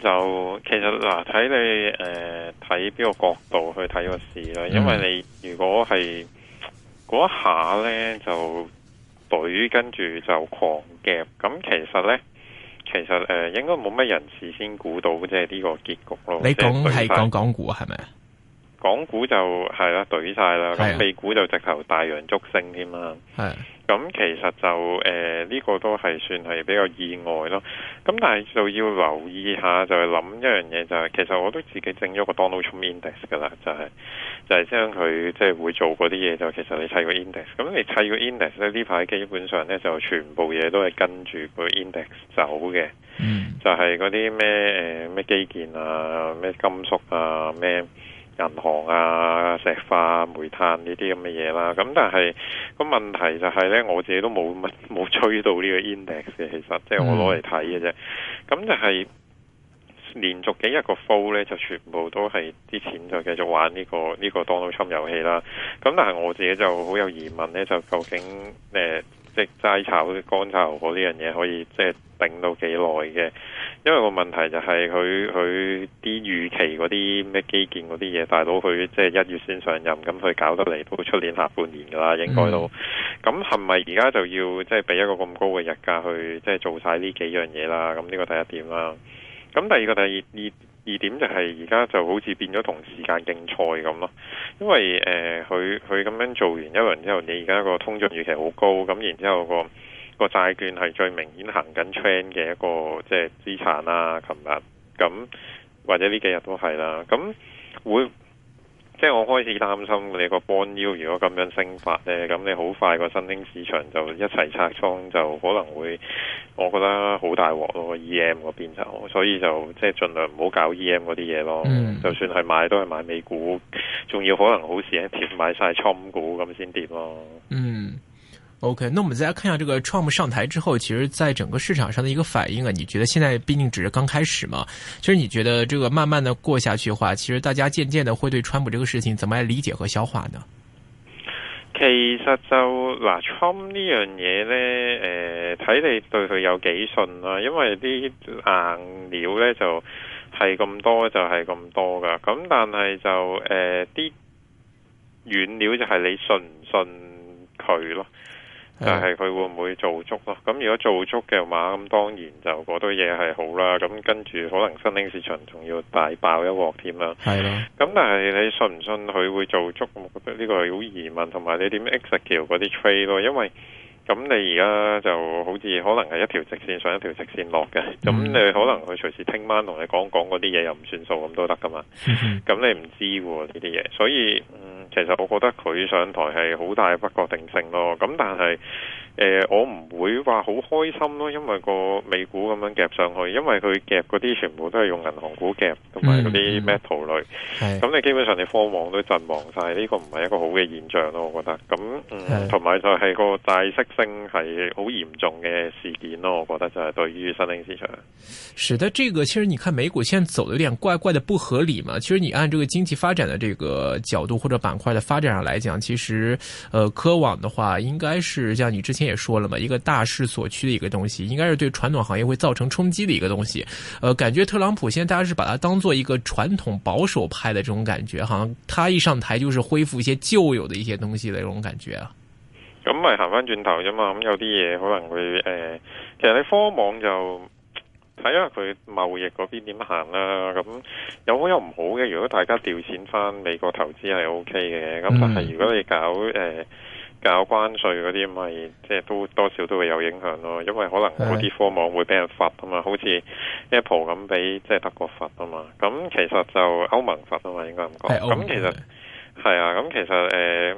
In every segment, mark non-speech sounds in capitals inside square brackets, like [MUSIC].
就其實嗱，睇你誒睇邊個角度去睇個市啦。因為你如果係一下咧，就懟跟住就狂夾。咁其實咧，其實誒、呃、應該冇乜人事先估到即係呢個結局咯。你在講係講港股係咪？港股就係啦，懟晒啦，咁美股就直頭大陽燭升添啦。咁的其實就誒呢、呃這個都係算係比較意外咯。咁但係就要留意下，就係、是、諗一樣嘢就係，其實我都自己整咗個 Donald Trump Index 噶啦，就係、是、就係將佢即係會做嗰啲嘢就其實你砌個 index，咁你砌個 index 咧呢排基本上咧就全部嘢都係跟住個 index 走嘅，嗯、就係嗰啲咩誒咩基建啊，咩金屬啊咩。銀行啊、石化、啊、煤炭呢啲咁嘅嘢啦，咁但係個問題就係呢，我自己都冇冇追到呢個 index 嘅，其實即係我攞嚟睇嘅啫。咁就係連續幾一個 fall 咧，就全部都係啲錢就繼續玩呢、呢個呢、呢個 Donald Trump 遊戲啦。咁但係我自己就好有疑問呢，就究竟誒？呃齋炒、乾炒牛呢樣嘢可以即係頂到幾耐嘅，因為個問題就係佢佢啲預期嗰啲咩基建嗰啲嘢，大佬佢即係一月先上任，咁佢搞得嚟到出年下半年噶啦，應該都咁係咪而家就要即係俾一個咁高嘅日價去即係做晒呢幾樣嘢啦？咁呢個第一點啦，咁第二個第二二。 [MUSIC] [MUSIC] 二點就係而家就好似變咗同時間競賽咁咯，因為誒佢佢咁樣做完一輪之後，你而家個通脹預期好高，咁然之後，個個債券係最明顯行緊 trend 嘅一個即係、就是、資產啦，啊，琴日咁或者呢幾日都係啦，咁會。即係我開始擔心你個搬腰如果咁樣升法咧，咁你好快個新興市場就一齊拆倉，就可能會，我覺得好大鑊咯。E M 嗰邊就，所以就即係盡量唔好搞 E M 嗰啲嘢咯。Mm. 就算係買都係買美股，仲要可能好蝕一跌，買晒倉股咁先跌咯。嗯。Mm. OK，那我們再睇下這個 Trump 上台之後，其實在整個市場上的一個反應啊，你覺得現在畢竟只是剛開始嘛？其實你覺得這個慢慢的過下去的話，其實大家漸漸的會對川普 u m 這個事情怎麼嚟理解和消化呢？其實就嗱，Trump 呢樣嘢呢，誒、呃，睇你對佢有幾信啦、啊，因為啲硬料呢就係、是、咁多就係咁多㗎，咁但係就誒啲軟料就係你信唔信佢咯。但係佢會唔會做足咯？咁如果做足嘅話，咁，當然就嗰堆嘢係好啦。咁跟住可能新興市場仲要大爆一鑊添啦。係咯。咁但係你信唔信佢會做足？我覺得呢個係好疑問，同埋你點 execute 嗰啲 trade 咯，因為。咁你而家就好似可能係一條直線上一條直線落嘅，咁、嗯、你可能佢隨時聽晚同你講，講嗰啲嘢又唔算數咁都得噶嘛？咁、嗯、你唔知喎呢啲嘢，所以嗯，其實我覺得佢上台係好大不確定性咯。咁但係誒、呃、我唔會話好開心咯，因為個美股咁樣夾上去，因為佢夾嗰啲全部都係用銀行股夾同埋嗰啲 metal 類，係咁、嗯，嗯、你基本上你科網都陣亡晒呢個，唔係一個好嘅現象咯，我覺得。咁同埋就係個債息。真係好嚴重嘅事件咯，我覺得就係對於新興市場，使得這個其實，你看美股現在走得有點怪怪的，不合理嘛？其實你按這個經濟發展的這個角度或者板塊的發展上來講，其實，呃，科網的話，應該是像你之前也說了嘛，一個大勢所趨的一個東西，應該是對傳統行業會造成衝擊的一個東西。呃，感覺特朗普現在大家是把它當做一個傳統保守派的這種感覺，好像他一上台就是恢復一些舊有的一些東西的這種感覺啊。咁咪行翻轉頭啫嘛，咁有啲嘢，可能會誒、呃，其實你科網就睇下佢貿易嗰邊點行啦。咁有好有唔好嘅。如果大家調錢翻美國投資係 OK 嘅，咁但係如果你搞誒、呃、搞關稅嗰啲，咪即係都多少都會有影響咯。因為可能嗰啲科網會俾人罰啊嘛，的好似 Apple 咁俾即係、就是、德國罰啊嘛。咁其實就歐盟罰啊嘛，應該唔講。咁其實係啊，咁其實誒。對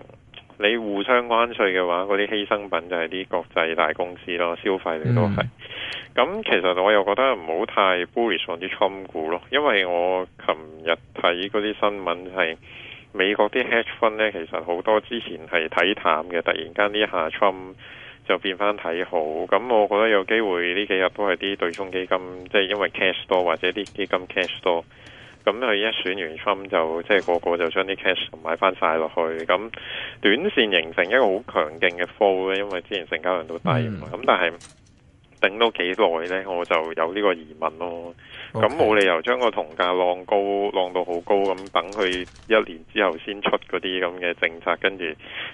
你互相關稅嘅話，嗰啲犧牲品就係啲國際大公司咯，消費嘅都係。咁、mm. 其實我又覺得唔好太 bullish 啲倉股咯，因為我琴日睇嗰啲新聞係美國啲 hedge fund 咧，其實好多之前係睇淡嘅，突然間呢一下 Trump 就變翻睇好。咁我覺得有機會呢幾日都係啲對沖基金，即係因為 cash 多或者啲基金 cash 多。咁佢一選完 Trump 就即係個個就將啲 cash 買翻晒落去，咁短線形成一個好強勁嘅 fall 咧。因為之前成交量都低咁、嗯、但係頂多幾耐咧，我就有呢個疑問咯。咁冇、嗯、理由將個同價浪高浪到好高，咁等佢一年之後先出嗰啲咁嘅政策，跟住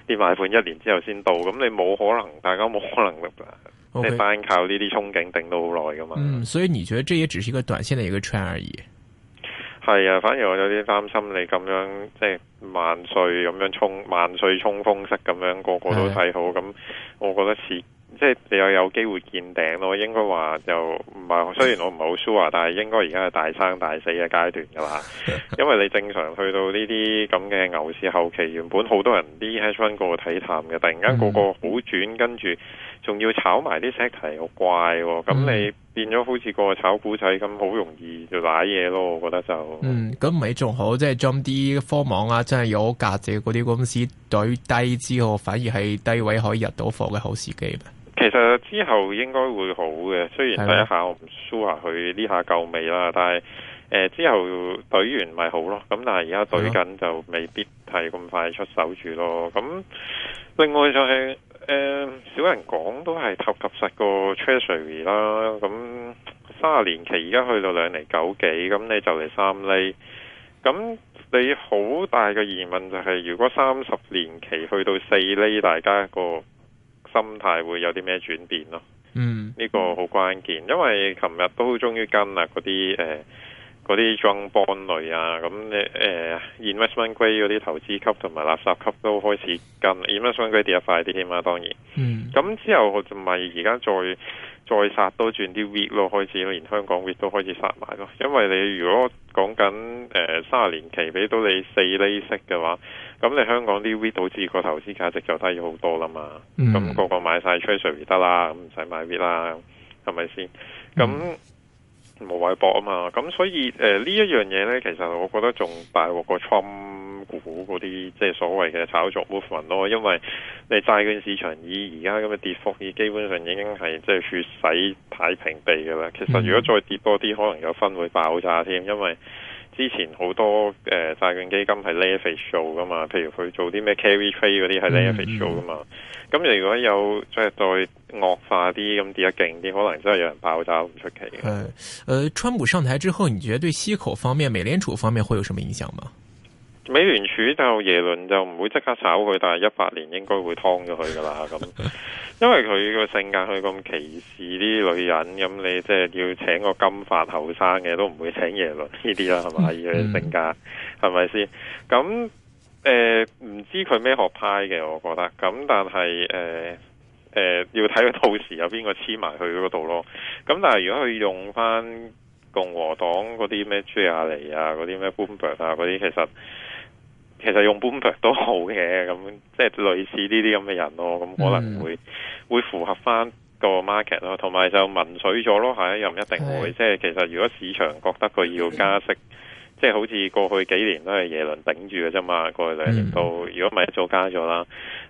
啲買盤一年之後先到。咁你冇可能，大家冇可能，即你、嗯、單靠呢啲憧憬頂到好耐噶嘛？嗯，所以你覺得這也只是一個短線嘅一個 try 而已。係啊，反而我有啲擔心你咁樣，即係萬歲咁樣衝，萬歲衝鋒式咁樣，個個都睇好咁， [LAUGHS] 我覺得即是即係你又有機會見頂咯。應該話就唔係，雖然我唔係好 sure，但係應該而家係大生大死嘅階段噶啦， [LAUGHS] 因為你正常去到呢啲咁嘅牛市後期，原本好多人啲 h a n g e 個個睇淡嘅，突然間個個好轉，跟住。仲要炒埋啲石題，好怪喎！咁、嗯、你變咗好似個炒股仔咁，好容易就瀨嘢咯。我覺得就嗯咁咪仲好，即係將啲科網啊，真係有價值嗰啲公司隊低之後，反而係低位可以入到貨嘅好時機。其實之後應該會好嘅，雖然第一下我唔輸下佢呢下夠味啦，但係誒、呃、之後隊完咪好咯。咁但係而家隊緊就未必係咁快出手住咯。咁的另外就係、是。誒，少、uh, 人講都係及及實個 Treasury 啦，咁三十年期而家去到兩厘九幾，咁你就嚟三厘，咁你好大嘅疑問就係、是，如果三十年期去到四厘，大家個心態會有啲咩轉變咯？嗯，呢個好關鍵，因為琴日都終於跟啦嗰啲誒。嗰啲 junk bond 類啊，咁你，誒、呃、investment grade 嗰啲投資級同埋垃圾級都開始跟 investment grade 跌得快啲添啦，嗯、當然。咁之後就咪而家再再殺都轉啲 w e e V 咯，開始咯，連香港 w e e V 都開始殺埋咯。因為你如果講緊誒卅、呃、年期俾到你四厘息嘅話，咁你香港啲 w e e V 導致個投資價值就低咗好多啦嘛。咁、嗯、個個買曬 treasury 得啦，唔使、嗯、買 V 啦，係咪先？咁、嗯。冇謂搏啊嘛，咁所以誒呢、呃、一樣嘢呢，其實我覺得仲大鑊過個 Trump 股嗰啲，即係所謂嘅炒作部分咯。因為你債券市場以而家咁嘅跌幅，已基本上已經係即係血洗太平地嘅啦。其實如果再跌多啲，可能有分會爆炸添，因為。之前好多誒債券基金係 leveraged 做噶嘛，譬如佢做啲咩 carry trade 嗰啲係 leveraged 做噶嘛。咁、嗯嗯、如果有即係再惡化啲，咁跌得勁啲，可能真係有人爆炸唔出奇。嘅、嗯。誒、呃，川普上台之後，你覺得對息口方面、美聯儲方面會有什麼影響嗎？美聯儲就耶倫就唔會即刻炒佢，但係一八年應該會劏咗佢噶啦咁，因為佢個性格佢咁歧視啲女人，咁你即係要請個金髮後生嘅都唔會請耶倫呢啲啦，係咪？依個、嗯、性格係咪先？咁誒唔知佢咩學派嘅，我覺得咁，但係誒誒要睇佢到時有邊個黐埋去嗰度咯。咁但係如果佢用翻共和黨嗰啲咩朱亞尼啊、嗰啲咩 Bloomberg 啊嗰啲，其實～其實用 b m 半拍都好嘅，咁即係類似呢啲咁嘅人咯，咁可能會、嗯、會符合翻個 market 咯，同埋就文水咗咯，係又唔一定會。是即係其實如果市場覺得佢要加息，即係的好似過去幾年都係耶倫頂住嘅啫嘛，過去兩年到、嗯、如果唔係一早加咗啦，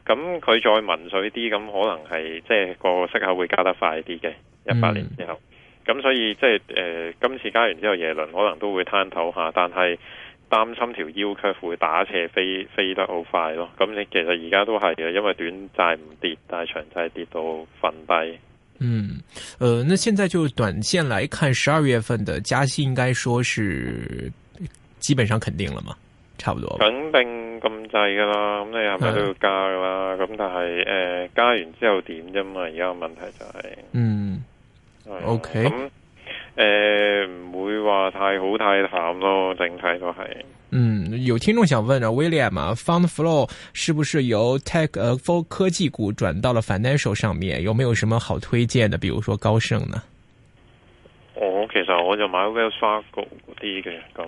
咁佢再文水啲，咁可能係即係個息口會加得快啲嘅一八年之後。咁、嗯、所以即係誒，今次加完之後，耶倫可能都會攤抖下，但係。擔心條腰骨會打斜飛飛得好快咯，咁你其實而家都係嘅，因為短債唔跌，但係長債跌到瞓低。嗯，誒、呃，那現在就短線來看，十二月份的加息應該說是基本上肯定了嘛？差唔多。肯定咁滯噶啦，咁你係咪都要加噶啦？咁、啊、但係誒、呃，加完之後點啫嘛？而家問題就係、是，嗯，嗯，OK 嗯。誒，唔、呃、會話太好太淡咯，整體都係。嗯，有聽眾想問啊，William 啊，Fund Flow 是不是由 tech 誒、呃、科科技股轉到了 financial 上面？有沒有什麼好推薦的？比如說高盛呢？我、哦、其實我就買 Wells Fargo 啲嘅，咁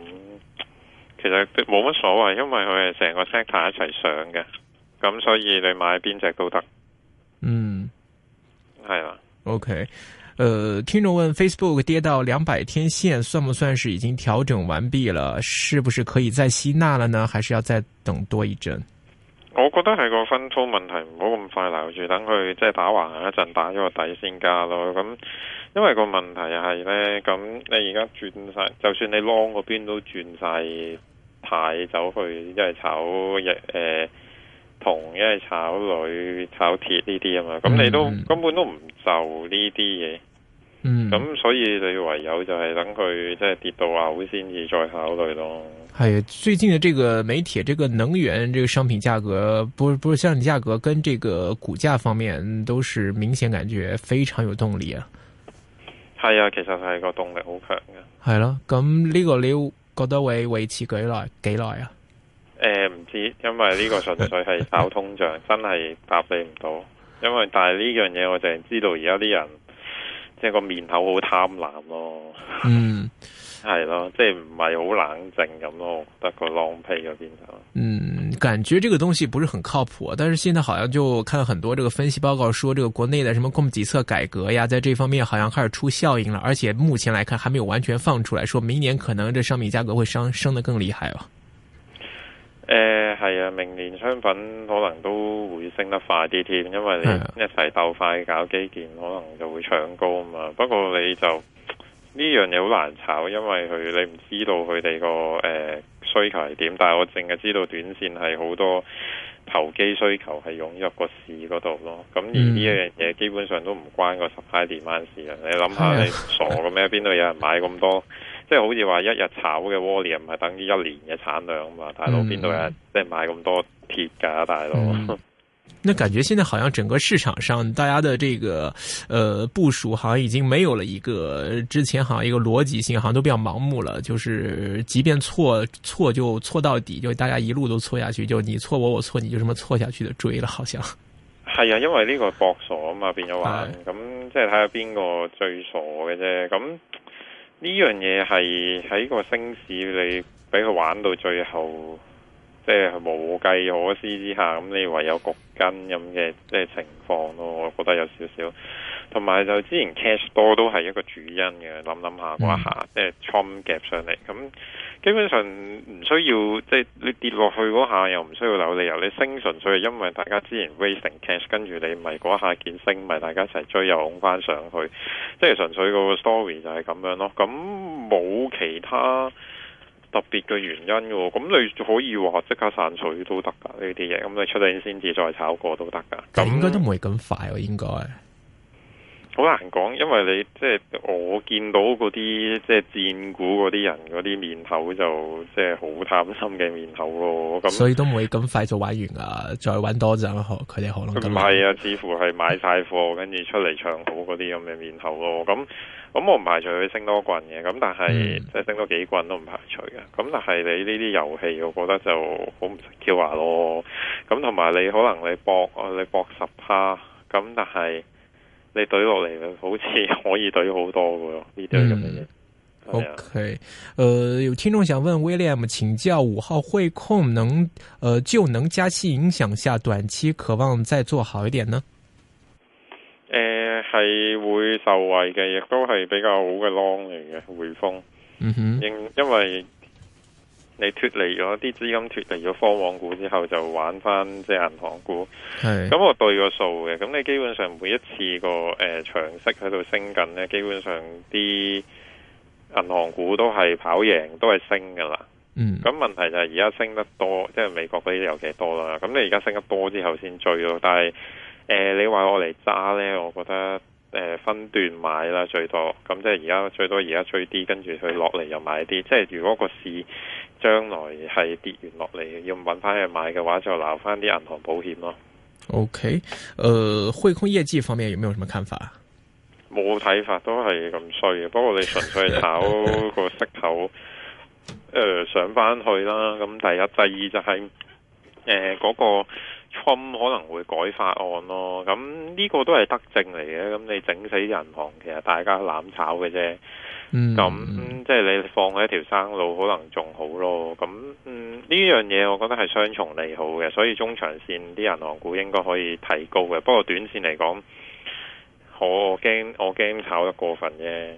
其實冇乜所謂，因為佢係成個 sector 一齊上嘅，咁所以你買邊隻都得。嗯，係啊吧，OK。呃，聽眾問 Facebook 跌到兩百天線，算唔算是已經調整完畢了？是不是可以再吸納了呢？還是要再等多一陣？我覺得係個分倉問題，唔好咁快留住，等佢即係打橫一陣，打咗個底先加咯。咁、嗯、因為個問題係呢，咁、嗯、你而家轉晒，就算你 long 嗰邊都轉晒派走去，一係炒日同一係炒鋁、炒鐵呢啲啊嘛，咁、嗯嗯、你都根本都唔就呢啲嘢。嗯，咁所以你唯有就係等佢即係跌到啊，會先至再考慮咯。係最近嘅這個煤鐵、這個能源、這個商品價格，不不是商品價格，跟這個股價方面，都是明顯感覺非常有動力啊。係啊，其實係個動力好強嘅。係咯，咁、嗯、呢、這個你覺得會維持幾耐？幾耐啊？誒、呃，唔知，因為呢個純粹係炒通脹， [LAUGHS] 真係答你唔到。因為但係呢樣嘢，我淨係知道而家啲人。即係個面口好貪婪咯，嗯，係咯，即係唔係好冷靜咁咯，得個浪皮嗰邊就，嗯，感覺這個東西不是很靠譜，但是現在好像就看到很多這個分析報告說，這個國內的什麼供給側改革呀，在這方面好像開始出效應啦，而且目前來看還沒有完全放出來說，明年可能這商品價格會升升得更厲害啦。誒，係、呃、啊，明年商品可能都會升得快啲添，因為你一齊鬥快搞基建，可能就會搶高啊嘛。不過你就呢樣嘢好難炒，因為佢你唔知道佢哋個誒需求係點，但係我淨係知道短線係好多投機需求係湧入個市嗰度咯。咁、嗯、而呢樣嘢基本上都唔關個 supply demand 事啊。嗯、你諗下，你傻咁咩？邊度 [LAUGHS] 有人買咁多？即係好似話一日炒嘅 volume 唔係等於一年嘅產量嘛？大佬邊度有即係買咁多鐵噶，啊？大佬，嗯，那感覺現在好像整個市場上大家嘅這個，呃部署，好像已經沒有了一個之前好像一個邏輯性，好像都比較盲目了。就是即便錯錯就錯到底，就大家一路都錯下去，就你錯我，我錯，我錯你，就什麼錯下去的追了。好像係啊，因為呢個博傻啊嘛，變咗玩，咁、哎、即係睇下邊個最傻嘅啫，咁。呢樣嘢係喺個升市你俾佢玩到最後，即係無計可施之下，咁你唯有焗根咁嘅即係情況咯。我覺得有少少，同埋就之前 cash 多都係一個主因嘅。諗諗下嗰一下，哇 即係倉夾上嚟咁。基本上唔需要，即係你跌落去嗰下又唔需要留理由，你升純粹係因為大家之前 raising cash，跟住你咪嗰下見升，咪大家一齊追又拱翻上去，即係純粹嗰個 story 就係咁樣咯。咁冇其他特別嘅原因噶，咁你可以話即刻散水都得噶呢啲嘢，咁你出嚟先至再炒過都得噶。咁應該都唔會咁快喎，啊，應該。好難講，因為你即係我見到嗰啲即係戰鼓嗰啲人嗰啲面口就即係好貪心嘅面口咯，咁所以都唔會咁快就玩完啊，再玩多陣，可佢哋可能咁。唔係啊，似乎係買晒貨，跟住出嚟唱好嗰啲咁嘅面口咯。咁咁我唔排除佢升多棍嘅，咁但係、嗯、即係升多幾棍都唔排除嘅。咁但係你呢啲遊戲，我覺得就好唔識 QA 咯。咁同埋你可能你博，你博十趴，咁但係。你對落嚟，好似可以對好多嘅咯，呢啲咁嘅。嘢、嗯。OK，誒，有聽眾想問 William 請教，五號匯控能，誒、呃，就能加息影響下短期，渴望再做好一點呢？誒、呃，係會受惠嘅，亦都係比較好嘅 long 嚟嘅匯豐。嗯哼，因因為。你脫離咗啲資金脫，脫離咗科網股之後，就玩翻即係銀行股。咁的我對個數嘅，咁你基本上每一次個誒長息喺度升緊咧，基本上啲銀行股都係跑贏，都係升噶啦。嗯。咁問題就係而家升得多，即係美國嗰啲尤其多啦。咁你而家升得多之後先追咯。但係誒、呃，你話我嚟揸呢，我覺得誒、呃、分段買啦，最多。咁即係而家最多而家追啲，跟住佢落嚟又買啲。即係如果個市。將來係跌完落嚟，要揾翻去買嘅話，就留翻啲銀行保險咯。O K，誒，匯控業績方面有冇有什麼看法？冇睇法，都係咁衰嘅。不過你純粹炒個息口，誒、 [LAUGHS] 呃，上翻去啦。咁第一、第二就係、是、誒，嗰、呃那個 Trump 可能會改法案咯。咁呢個都係德政嚟嘅。咁你整死啲銀行，其實大家攬炒嘅啫。咁、嗯嗯、即係你放佢一條生路，可能仲好咯。咁嗯，呢樣嘢，我覺得係雙重利好嘅，所以中長線啲銀行股應該可以提高嘅。不過短線嚟講，我驚我驚炒得過分啫。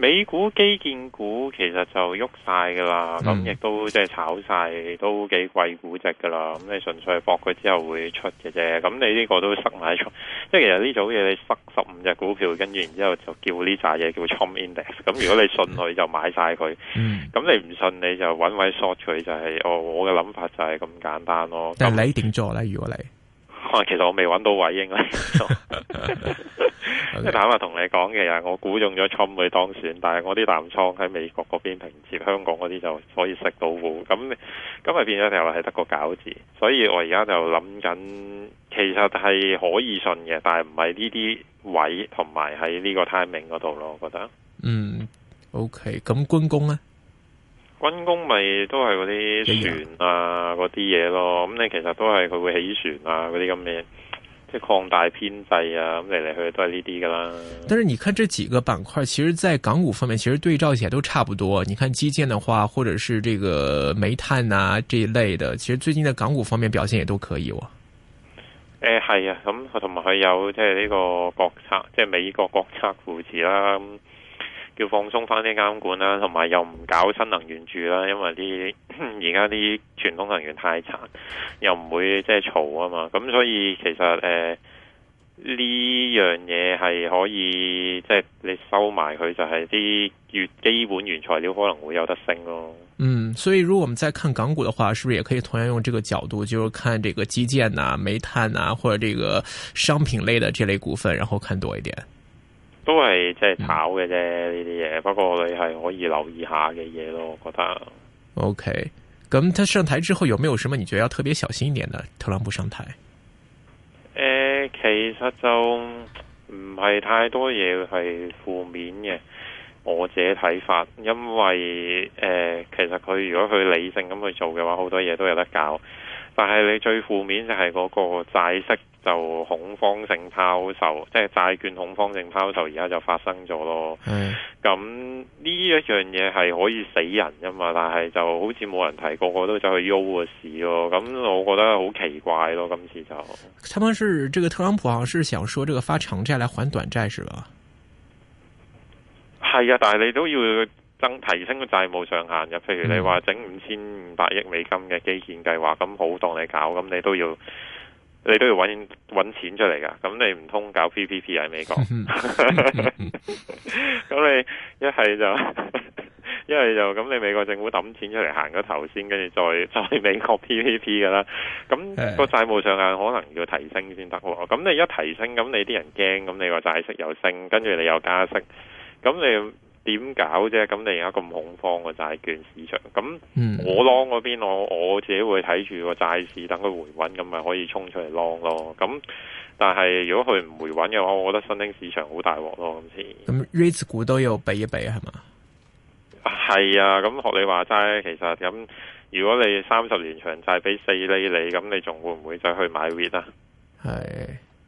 美股基建股其實就喐晒噶啦，咁亦都即係炒晒，都幾貴估值噶啦。咁你純粹係博佢之後會出嘅啫。咁你呢個都失買出，即係、嗯、其實呢組嘢你塞十五隻股票，跟住然之後就叫呢扎嘢叫 Trump index。咁如果你信我，就買晒佢。咁、嗯、你唔信，你就搵位 short 佢，就係、是、哦。我嘅諗法就係咁簡單咯。嗯、那但你點做咧？如果你，我、啊、其實我未揾到位應該。哈哈 [LAUGHS] 即係 Okay. 坦白同你講，嘅，其實我估中咗特朗普去當選，但係我啲淡倉喺美國嗰邊平接，香港嗰啲就可以食到戶，咁咁咪變咗又係得個餃子。所以我而家就諗緊，其實係可以信嘅，但係唔係呢啲位同埋喺呢個 timing 嗰度咯。我覺得，嗯，OK，咁軍工呢？軍工咪都係嗰啲船啊，嗰啲嘢咯。咁、嗯、你其實都係佢會起船啊，嗰啲咁嘅。即係擴大編制啊，咁嚟嚟去去都係呢啲噶啦。但是你看這幾個板塊，其實在港股方面，其實對照起來都差不多。你看基建的話，或者是這個煤炭啊這一類的，其實最近喺港股方面表現也都可以喎。我誒係啊，咁同埋佢有即係呢個國策，即係美國國策扶持啦。嗯要放鬆翻啲監管啦，同埋又唔搞新能源住啦，因為啲而家啲傳統能源太殘，又唔會即係嘈啊嘛。咁所以其實誒呢、呃、樣嘢係可以即係你收埋佢，就係啲越基本原材料可能會有得升咯、啊。嗯，所以如果我們再看港股嘅話，是不是也可以同樣用這個角度，就是、看這個基建啊、煤炭啊，或者這個商品類的這類股份，然後看多一點。都係即係炒嘅啫，呢啲嘢。不過你係可以留意下嘅嘢咯，我覺得。OK，咁佢上台之後，有沒有什麼你覺得要特別小心一點呢？特朗普上台，誒、呃，其實就唔係太多嘢係負面嘅。我自己睇法，因為，誒、呃，其實佢如果佢理性咁去做嘅話，好多嘢都有得教。但係你最負面就係嗰個債息就恐慌性拋售，即係債券恐慌性拋售，而家就發生咗咯。咁呢一樣嘢係可以死人噶嘛？但係就好似冇人提過，個個都走去喐個事咯。咁我覺得好奇怪咯，今次就。他們是這個特朗普，好像是想說這個發長債來還短債，是吧？係啊，但係你都要。增提升個債務上限嘅，譬如你話整五千五百億美金嘅基建計劃，咁、嗯、好當你搞，咁你都要你都要揾錢出嚟噶，咁你唔通搞 P P P 喺美國？咁 [LAUGHS] [LAUGHS] [LAUGHS] 你一係就一係就咁，就你美國政府揼錢出嚟行個頭先，跟住再再美國 P P P 噶啦。咁個債務上限可能要提升先得喎。咁你一提升，咁你啲人驚，咁你個債息又升，跟住你又加息，咁你。點搞啫？咁你而家咁恐慌嘅債券市場咁，我 long 嗰邊我我自己會睇住個債市，等佢回穩咁咪可以衝出嚟 long 咯。咁但係如果佢唔回穩嘅話，我覺得新興市場好大鑊咯。今次，咁 rate 股都要比一比係嘛？係啊，咁學你話齋，其實咁如果你三十年長債畀四厘你，咁你仲會唔會再去買 rate 啊？係。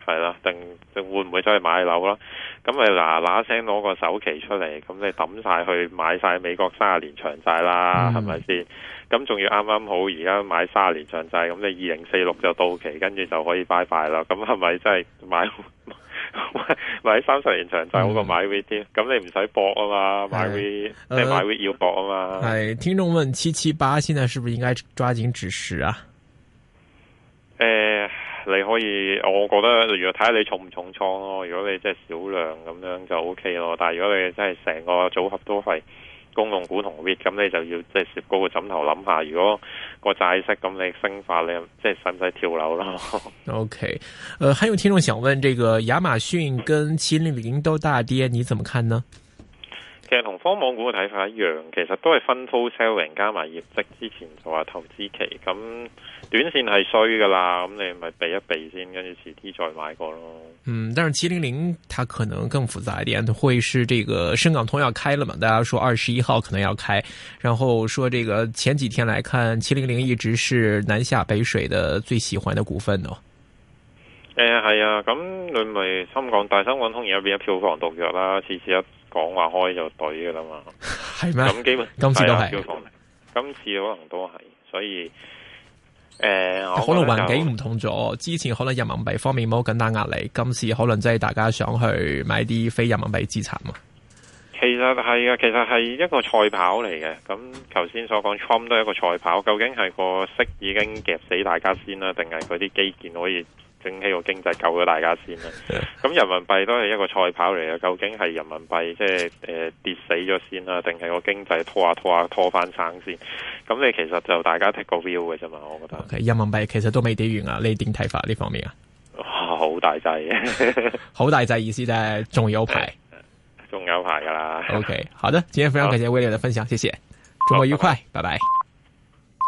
係啦，定定，定會唔會走去買樓啦？咁咪嗱嗱聲攞個首期出嚟，咁你抌晒去買晒美國三十年長債啦，係咪先？咁仲要啱啱好，而家買卅年長債，咁你二零四六就到期，跟住就可以拜拜啦。咁係咪真係買 [LAUGHS] 買三十年長債好過買 VT 咁、嗯、你唔使搏啊嘛。買 V，你、哎、買 V 要搏啊嘛。係、哎、聽眾問七七八，現在是不是應該抓緊止蝕啊？誒、哎。你可以，我覺得，如果睇下你重唔重倉咯。如果你即係少量咁樣就 O K 咯。但係如果你真係成個組合都係公共股同 wit，咁你就要即係攝高個枕頭諗下。如果個債息咁，你升法，你即係使唔使跳樓咯？O K，誒，還有聽眾想問，這個亞馬遜跟七零零都大跌，你怎麼看呢？其實同科網股嘅睇法一樣，其實都係分 post selling 加埋業績之前做下投資期，咁短綫係衰噶啦，咁你咪避一避先，跟住遲啲再買過咯。嗯，但是七零零，它可能更複雜一點，會是這個深港通要開了嘛？大家說二十一號可能要開，然後說這個前幾天來看七零零一直是南下北水的最喜歡的股份咯。誒，係啊，咁你咪深港大深港通而家變咗票房毒藥啦，次次一。講話開就懟嘅啦嘛，係咩嗎？咁基本今次都係，今次可能都係，所以，誒、呃，可能環境唔同咗。之前可能人民幣方面冇咁大壓力，今次可能真係大家想去買啲非人民幣資產嘛。其實係嘅，其實係一個賽跑嚟嘅。咁頭先所講，Trump 都係一個賽跑，究竟係個息已經夾死大家先啦，定係佢啲基建可以？整起個經濟救咗大家先啦，咁、 [LAUGHS] 嗯、人民幣都係一個賽跑嚟啊！究竟係人民幣即係誒、呃、跌死咗先啦，定係個經濟拖下拖下拖翻生先？咁、嗯、你其實就大家 take 個 view 嘅啫嘛，我覺得。Okay, 人民幣其實都未跌完啊！你點睇法呢方面啊？哦、大 [LAUGHS] 好大劑，好大劑意思就係，仲有排，仲、 [LAUGHS] [LAUGHS] 嗯、有排噶啦。OK，好的，今日非常感謝威廉嘅分享，好謝謝，祝我愉快，好拜拜。拜拜